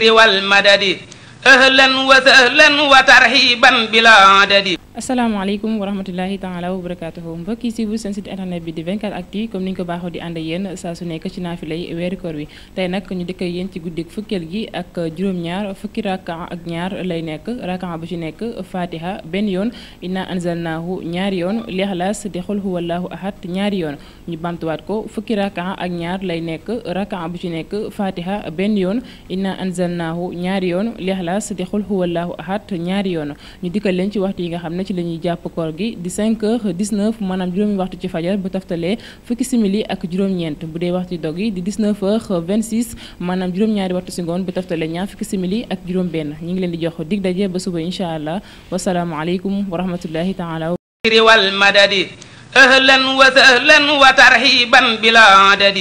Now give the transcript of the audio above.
wal madadi ahlan wa sahlan wa tarhiban bila adadi asalaamaaleykum wa rahmatullahi taala wa barakaatuhu mbokk yi si bu seen site internet bi di 24 actu comme ni ñu ko baaxoo di ànd ak yéen saa su nekk ci fi yi weeru koor wi tey nag ñu dëkk yéen ci guddik fukkeel gi ak juróom-ñaar fukki raka ak ñaar lay nekk raka bu ci nekk fatiha benn yoon inna anzalnaahu ñaari yoon lixlaas di xul huwallaahu ahad ñaari yoon ñu bamtuwaat ko fukki raka ak ñaar lay nekk raka bu ci nekk fatiha benn yoon inna anzalnaahu ñaari yoon lixlaas di xul huwallahu ñaari yoon ñu dikkal leen ci waxtu yi nga xam ne ci la jàpp koor gi di 5 heures 19 maanaam juróomi waxtu ci fajar bu taftalee fukki simili ak juróom-ñeent bu dee waxtu dog yi di 19 heures 26 maanaam juróom-ñaari waxtu si ngoon bu taftalee ñaar fukki simili ak juróom-benn ñu ngi leen di jox dig daje ba suba incha allah wasalaamualeykum wa rahmatullahi taala. wal madadi